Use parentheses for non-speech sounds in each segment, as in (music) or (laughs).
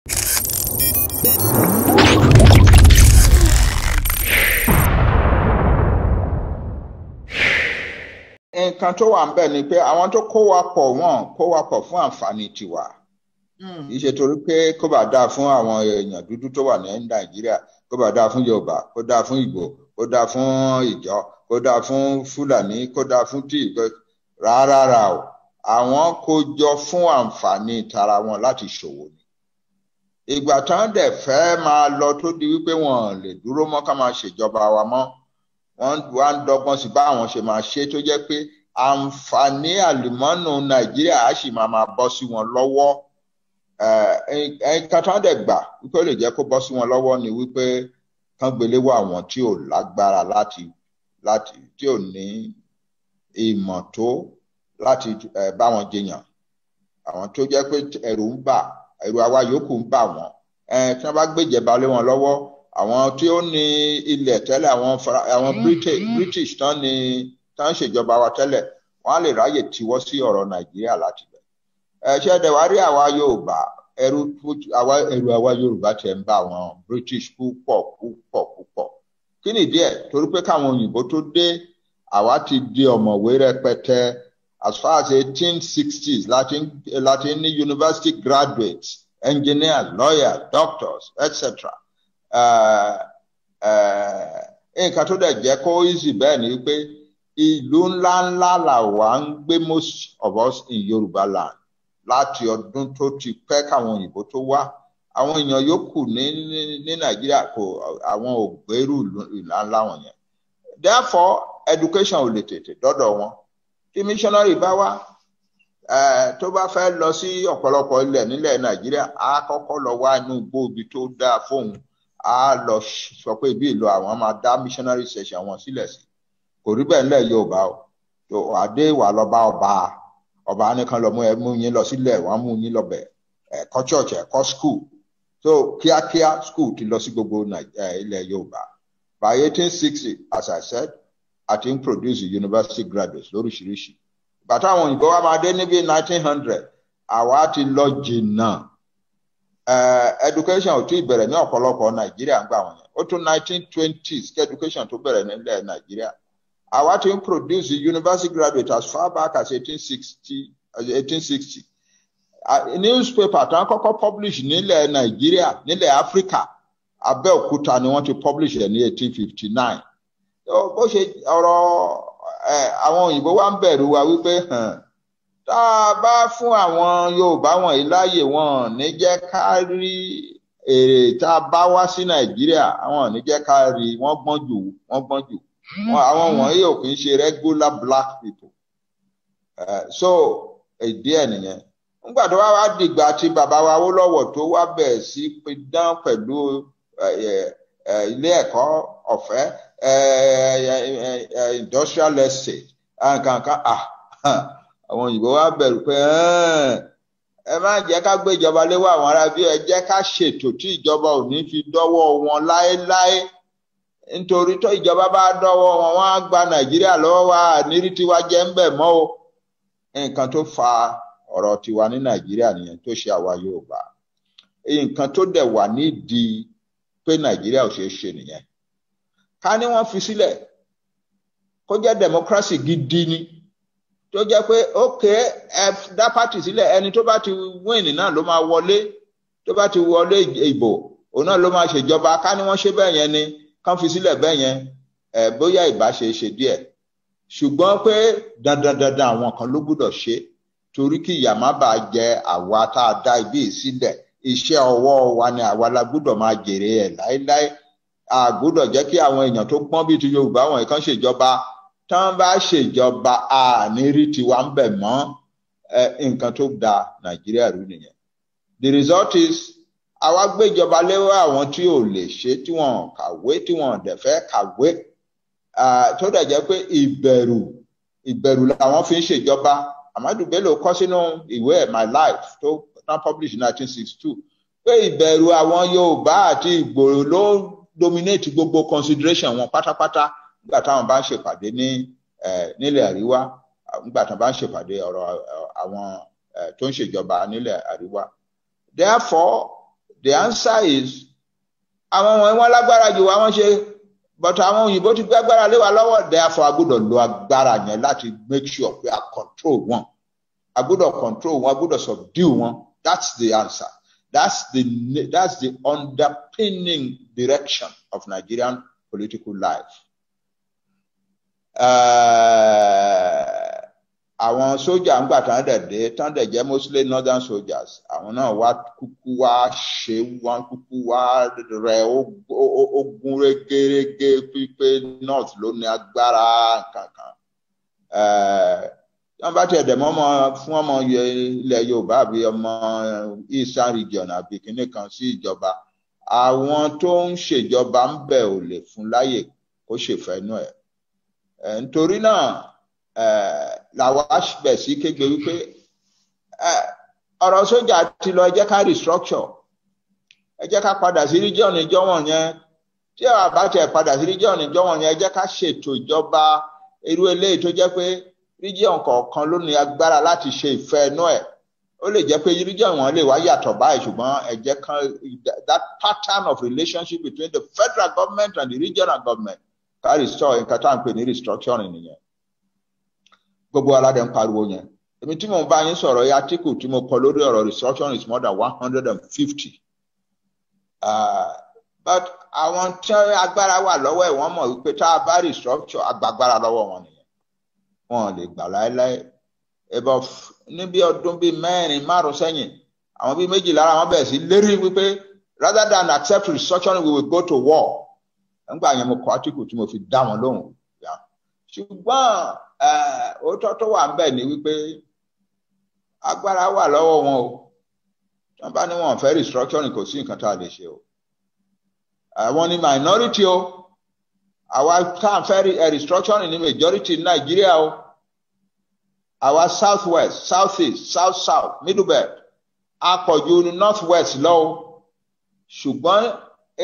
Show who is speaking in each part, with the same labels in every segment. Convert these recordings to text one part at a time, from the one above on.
Speaker 1: nǹkan tó wà ń bẹ̀ ni pé àwọn tó kó wa pọ̀ wọ́n kó wa pọ̀ fún àǹfààní tiwa hmm. kì í ṣe torí pé kó bá dáa fún àwọn èèyàn dúdú tó wà ní nàìjíríà kó bá dáa fún yorùbá kó dáa fún ìgbò kó dáa fún ìjọ kó dáa fún fúlàní kó dáa fún tíì rárá o àwọn kó jọ fún àǹfààní tara wọn láti ṣòwò ni ìgbà tán dẹ̀ fẹ́ máa lọ tó di wípé wọn lè dúró mọ́ ká máa ṣèjọba wa mọ́ wọ́n wá ń dọ́gbọ́n sí bá àwọn ṣe máa ṣe tó jẹ́ pé àǹfààní àlùmọ́nù nàìjíríà á sì máa máa bọ́ sí wọn lọ́wọ́ ẹ̀ka tán dẹ̀ gbà wípé ó lè jẹ́ kó bọ́ sí wọn lọ́wọ́ ni wípé kán gbéléwọ̀ àwọn tí ò lágbára láti láti tí ò ní ìmọ̀ tó láti bá wọn jiyàn àwọn tó jẹ́ pé ẹ̀rù ń bà ẹ̀rù àwa yòókù ń bà wọ́n tí wọ́n bá gbèjẹba lé wọn lọ́wọ́ àwọn tí ó ní ilẹ̀ tẹ́lẹ̀ àwọn mm-hmm. British tán ni tán ń ṣèjọba wa tẹ́lẹ̀ wọ́n á lè ráyè tiwọ́ sí ọ̀rọ̀ Nàìjíríà láti bẹ̀. ẹ̀ṣẹ̀ dẹ̀wá rí àwa Yorùbá ẹ̀rù àwa Yorùbá tẹ̀ ń bá àwọn British púpọ̀ púpọ̀ púpọ̀ kí nìdí ẹ̀ torí pé káwọn òyìnbó tó dé àwa ti di ọ̀mọ̀wé rẹpẹtẹ as far as 1860s latin latin university graduates engineers lawyers doctors etc. Eh, eh, nǹkan tó dẹ̀ jẹ́ kó easy bẹ́ẹ̀ ni pé ìlú ńláńlá làwa ń gbé most of us in yorùbá land láti ọdún tó ti pẹ́ káwọn òyìnbó tó wá àwọn èèyàn yòókù ní ní nàìjíríà kò àwọn ò gbèrú ìlú ńláńlá wọ̀nyẹn therefore education ò lè tètè dọ́dọ̀ wọn tí missionary bá wá eh, tó bá fẹ́ lọ sí ọ̀pọ̀lọpọ̀ ilẹ̀ nílẹ̀ nàìjíríà á kọ́kọ́ lọ wá inú gbòógì tó dáa fóun á lọ sọ pé bí ìlú àwọn máa dá missionary session wọn sílẹ̀ sí kò rí bẹ́ẹ̀ nílẹ̀ yorùbá o adé wà lọ bá ọba ọba nìkan lọ mú ẹ mú yín lọ sílẹ̀ wọ́n mú yín lọ bẹ̀ ẹ̀kọ́ church ẹ̀kọ́ school so kíákíá school ti lọ sí gbogbo eh, ilẹ̀ yorùbá by eighteen sixty as i said àti ń produce university graduates lóríṣiríṣi bàtà àwọn òyìnbó wa máa dé níbi nineteen hundred àwa ti lọ jìnnà education ò tí ì bẹ̀rẹ̀ ní ọ̀pọ̀lọpọ̀ nàìjíríà ń gbà wọ́n yẹn ó tún nineteen twenties kí education tó bẹ̀rẹ̀ nílẹ̀ nàìjíríà àwa ti ń produce university graduates as far back as 1860. sixty eighteen newspaper tó ń kọ́kọ́ publish nílẹ̀ nàìjíríà nílẹ̀ áfíríkà abẹ́òkúta ni wọ́n ti publish ẹ̀ ní eighteen bó ṣe ọ̀rọ̀ àwọn òyìnbó wa ń bẹ̀rù wa wípé tá a bá fún àwọn Yorùbá wọ̀nyí láàyè wọn ní jẹ́ ká rí èrè tá a bá wá sí Nàìjíríà àwọn ní jẹ́ ká rí wọ́n gbọ́n jù wọ́n gbọ́n jù àwọn wọ̀nyí ò kì í ṣe regular black people so èdè ẹ̀ nìyẹn nígbà tó wá wá dìgbà tí bàbá wa Awólọ́wọ̀ tó wá bẹ̀rẹ̀ sí pidán pẹ̀lú ilé ẹ̀kọ́ ọ̀fẹ́ Eh, eh, eh, industrial estate nkankan (laughs) àwọn òyìnbó wa bẹ̀rù pé ẹ má jẹ́ ká gbé ìjọba léwọ́ àwọn ará bí ẹ jẹ́ ká ṣètò tí ìjọba ò ní fi dọ́wọ́ wọn láéláé nítorí tó ìjọba bá dọ́wọ́ wọn wọ́n á gba nàìjíríà lọ́wọ́ wa àníri tiwa jẹ́ ń bẹ̀ mọ́ o nǹkan tó fa ọ̀rọ̀ tiwa ní nàìjíríà nìyẹn tó ṣe àwa yóò bá nǹkan tó dẹ̀ wà nídìí pé nàìjíríà ò ṣeé ṣe nìyẹn ká ní wọ́n fi sílẹ̀ kó jẹ́ democracy gidi ni tó jẹ́ pé ok ẹ dá party sílẹ̀ ẹni tó bá ti win náà ló máa wọlé tó bá ti wọlé ìbò òun náà ló máa ṣèjọba ká ní wọ́n ṣe bẹ́ẹ̀ yẹn ni kán fi sílẹ̀ bẹ́ẹ̀ yẹn ẹ bóyá ìbá ṣe ṣe díẹ̀ ṣùgbọ́n pé dandan àwọn kan ló gbọ́dọ̀ ṣe torí kí ìyà má bàa jẹ àwa tá a dá ibi sílẹ̀ iṣẹ́ ọwọ́ wa ni àwa la gbọ́dọ̀ máa jèrè ẹ̀ láéláé àgbọ́dọ̀ jẹ́ kí àwọn èèyàn tó gbọ́n bíi ti yorùbá wọn kan ṣèjọba tán bá ṣèjọba àníírí tiwa ń bẹ̀ mọ́ nǹkan tó da nàìjíríà rú nìyẹn the result is àwa gbéjọba léwọ́ àwọn tí ò lè ṣe tí wọ́n kàwé tí wọ́n dẹ̀ fẹ́ kàwé tó dẹ̀ jẹ́ pé ìbẹ̀rù ìbẹ̀rù làwọn fi ń ṣèjọba Amadu Bello kọ sínú ìwé my life tó tán publish nineteen sixty two pé ìbẹ̀rù àwọn yorùbá àti ìgbò ló ń dominate gbogbo consideration wọn pátápátá nígbà táwọn bá ń ṣèpàdé ní nílẹ̀ àríwá nígbà táwọn bá ń ṣèpàdé ọ̀rọ̀ àwọn tó ń ṣèjọba nílẹ̀ àríwá therefore the answer is àwọn ọmọ wọn lágbára jù wá wọn ṣe but àwọn òyìnbó ti gbé agbára lé wa lọ́wọ́ therefore a gbọ́dọ̀ lo agbára yẹn láti make sure pé a control wọn a gbọ́dọ̀ control wọn a gbọ́dọ̀ subdue wọn that's the answer. That's the, that's the underpinning direction of Nigerian political life. Uh, àwọn sójà ń gbà tán dẹ̀ dé tán dẹ̀ jẹ́ mostly northern soldiers. Àwọn náà wá kúkú wá ṣe wọ́n kúkú wá rẹ̀ ogun régérégé pípé north ló ní agbára kankan. Uh, wọ́n bá tiẹ̀ dẹ̀mọ́ ọmọ fún ọmọ ilẹ̀ Yorùbá àbí ọmọ Eastern region àbí kínní kan sí ìjọba àwọn tó ń ṣèjọba ń bẹ̀ ò lè fún láyè kó ṣèfẹ́nu ẹ̀ nítorí náà làwa bẹ̀ sí kégbe wípé ọ̀rọ̀ sójà ti lọ ẹ ká restructure ẹ jẹ́ ká padà sí region ìjọ́wọ̀n yẹn tí a bá tiẹ̀ padà sí region ìjọ́wọ̀n yẹn ẹ ká ṣètò ìjọba irú eléyìí tó jẹ́ pé region kọ̀ọ̀kan ló ní agbára láti ṣe ìfẹ́ inú ẹ̀ ó lè jẹ́ pé region wọn lè wá yàtọ̀ báyìí ṣùgbọ́n ẹ kan that pattern of relationship between the federal government and the regional government ká restore nǹkan tá à ń pè ní restructuring nìyẹn gbogbo aládé ń pariwo yẹn èmi tí mo bá yín sọ̀rọ̀ yẹ article tí mo kọ lórí ọ̀rọ̀ restructuring is more than one hundred and fifty ah, but àwọn tí agbára wà lọ́wọ́ ẹ̀ wọ́n mọ̀ wípé tá a bá restructure agbára lọ́wọ́ wọn nìyẹn wọn lè gbà láéláé ẹbọ ní bí ọdún bíi mẹ́rin márùn sẹ́yìn àwọn bíi méjì lára wọn bẹ̀rẹ̀ sí lérí wípé rather than accept restructuring we will go to war nígbà yẹn mo kọ article tí mo fi dá wọn lóhùn ṣùgbọ́n eh, òótọ́ tó wà ń bẹ̀ ni wípé agbára wà lọ́wọ́ wọn o tí bá ní wọn fẹ́ restructuring kò sí nǹkan tá a lè ṣe o àwọn eh, ni minority o àwa tá à ń fẹ́ eh, restructuring ní majority Nàìjíríà o Our south west south east south south middle belt apọ̀jù ní north west lọ́wọ́ ṣùgbọ́n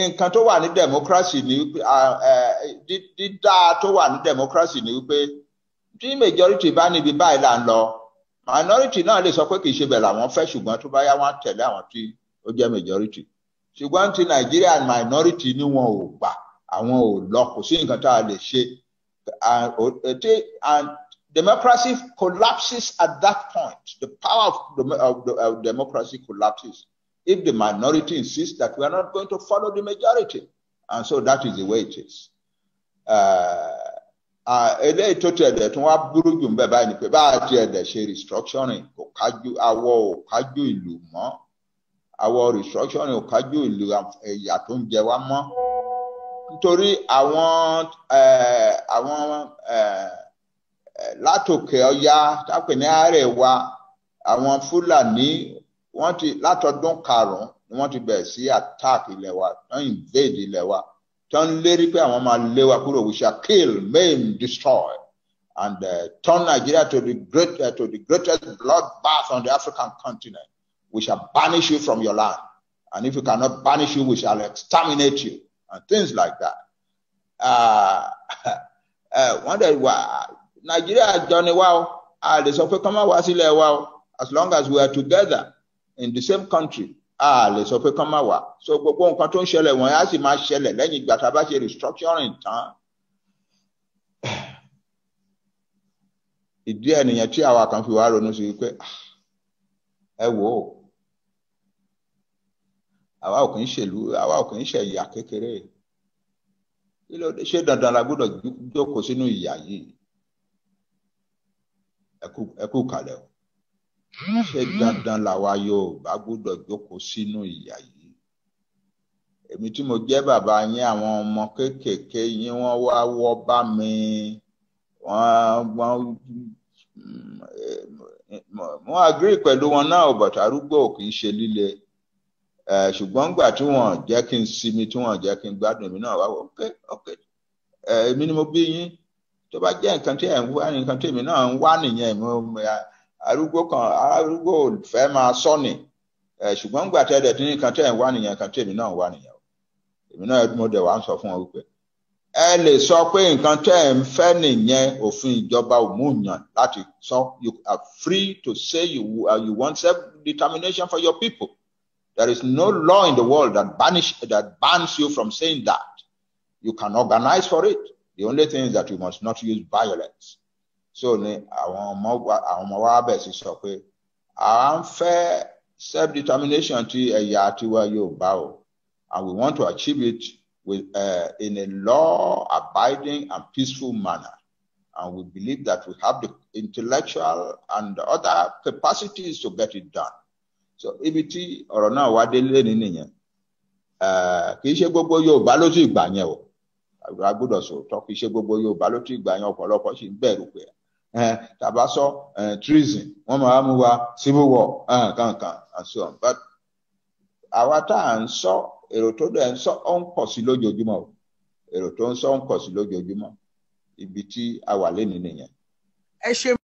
Speaker 1: nǹkan tó wà ní democracy ni wípé dídá tó wà ní democracy ni wípé tí majority bá níbi báyìí là ń lọ minority náà lè sọ pé kì í ṣe bẹ́ẹ̀ làwọn fẹ́ ṣùgbọ́n tó bá yá wọn tẹ̀lé àwọn tí ó jẹ́ majority ṣùgbọ́n ti Nàìjíríà minority ni wọn ò gbà àwọn ò lọ kò sí nǹkan tá a lè ṣe democracy collapses at that point. The power of, of, the, of democracy collapses if the minority insists that we are not going to follow the majority. And so that is the way it is. eléyìí tó tiẹ̀ dẹ̀ tún wá burú jù bẹ̀ báyìí ni pé bá a tiẹ̀ dẹ̀ ṣe restructuring kò kájú awọ ò kájú ìlú mọ́ awọ restructuring ò kájú ìlú ẹ̀yà tó ń jẹ wá mọ́ nítorí àwọn àwọn eh, látòkè ọya tápè ní Arewa àwọn Fúlàní wọ́n ti látọdún karùnún ni wọ́n ti bẹ̀rẹ̀ sí attack ilẹ̀ wa tó ń invade ilẹ̀ wa tó ń lérí pé àwọn máa lé wa kúrò we shall kill maim destroy and uh, turn Nigeria to the great uh, to the greatest bloodbath on the African continent we shall banish you from your land and if we cannot banish you we shall exterminate you and things like that. Uh, (laughs) uh, why. Nigeria jọ ni wá o a lè sọ pé kán má wá sílẹ̀ wa o as long as we are together in the same country ah, lè sọ pé kán má wá so go nǹkan tó ń ṣẹlẹ̀ wọ̀nyí á sì máa shell. Then you got about bá restructuring tán ìdí ẹ̀ nìyẹn tí àwa kan fi wá ronú sí pé ah, ẹ wò ó àwa ò kì í ṣèlú àwa ò kì í ṣẹ̀yà kékeré ṣé dandan la gbọ́dọ̀ jókòó sínú ìyà yìí ẹ kú kalẹ̀ o ṣé dandan làwa Yorùbá gbọ́dọ̀ jókòó sínú ìyà yìí èmi tí mo jẹ́ bàbá yín àwọn ọmọ kéékèèké yín wọ́n wá wọ́ bá mi wọ́n mo mm, agree pẹ̀lú wọn náà ò bọ̀tà arúgbó kì í ṣe líle ṣùgbọ́n gbà tí wọ́n jẹ́ kí n sinmi tí wọ́n jẹ́ kí n gbádùn èmi náà wá wọ́n ok ok èmi ni mo bí yín tó bá jẹ́ nǹkan tí ẹ̀ ń wá nǹkan tí èmi náà ń wá nìyẹn mo arúgbó kan arúgbó fẹ́ máa sọ́ni ṣùgbọ́n gbà tẹ́ dẹ̀ tí nǹkan tẹ́ ẹ̀ ń wá nìyẹn nǹkan tí èmi náà ń wá nìyẹn èmi náà mo dẹ̀ wá ń sọ fún wọn wípé ẹ lè sọ pé nǹkan tẹ́ ẹ̀ ń fẹ́ nìyẹn òfin ìjọba òmùyàn láti sọ you are free to say you, uh, you want self determination for your people there is no law in the world that banish that bans you from saying that you can organize for it the only thing is that we must not use violence so ni àwọn ọmọ wa àwọn ọmọ wa bẹ̀ sí sọ pé à ń fẹ́ self determination ti ẹ̀yà tiwa Yorùbá o and we want to achieve it with, uh, in a law abiding and peaceful manner. And we believe that we have the intellectual and other capacities to get it done. So ibi tí ọ̀rọ̀ náà wá délé ní nìyẹn. Eh, kì í ṣe gbogbo Yorùbá ló sì gbà yẹn o a gbọ́dọ̀ sòótọ́ kì í ṣe gbogbo Yorùbá ló ti gbà yan ọ̀pọ̀lọpọ̀ sì ń bẹ̀rù pé tàbá sọ treason wọ́n máa mú wa civil war kankan and so on but àwa tá à ń sọ èrò tó dẹ̀ ń sọ ó ń pọ̀ sí lójoojúmọ́ o èrò tó ń sọ ń pọ̀ sí lójoojúmọ́ ibi tí a wà lénìí nìyẹn. ẹ ṣe